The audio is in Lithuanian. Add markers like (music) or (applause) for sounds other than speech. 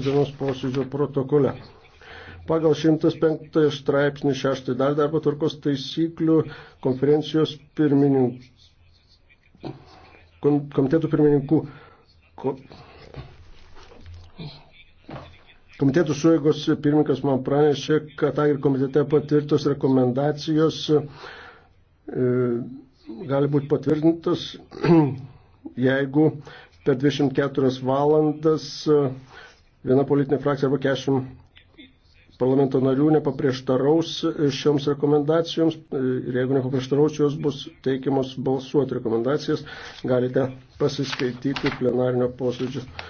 dienos posėdžio protokole. Pagal 105 straipsnį 6 dar darbo tvarkos taisyklių konferencijos pirmininkų, komitetų pirmininkų, ko, komitetų suėgos pirmininkas man pranešė, kad agri komitete patvirtos rekomendacijos e, gali būti patvirtintos, (clears throat) jeigu per 24 valandas e, viena politinė frakcija arba 40 parlamento narių nepaprieštaraus šioms rekomendacijoms ir jeigu nepaprieštaraus, jos bus teikiamos balsuoti rekomendacijas, galite pasiskaityti plenarinio posėdžio